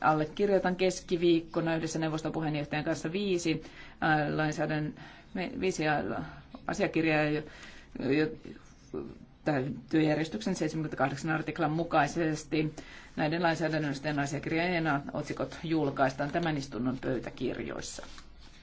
allekirjoitan keskiviikkona yhdessä neuvoston puheenjohtajan kanssa viisi lainsäädännön viisi asiakirjaa työjärjestyksen 78 artiklan mukaisesti. Näiden lainsäädännöllisten asiakirjojen otsikot julkaistaan tämän istunnon pöytäkirjoissa.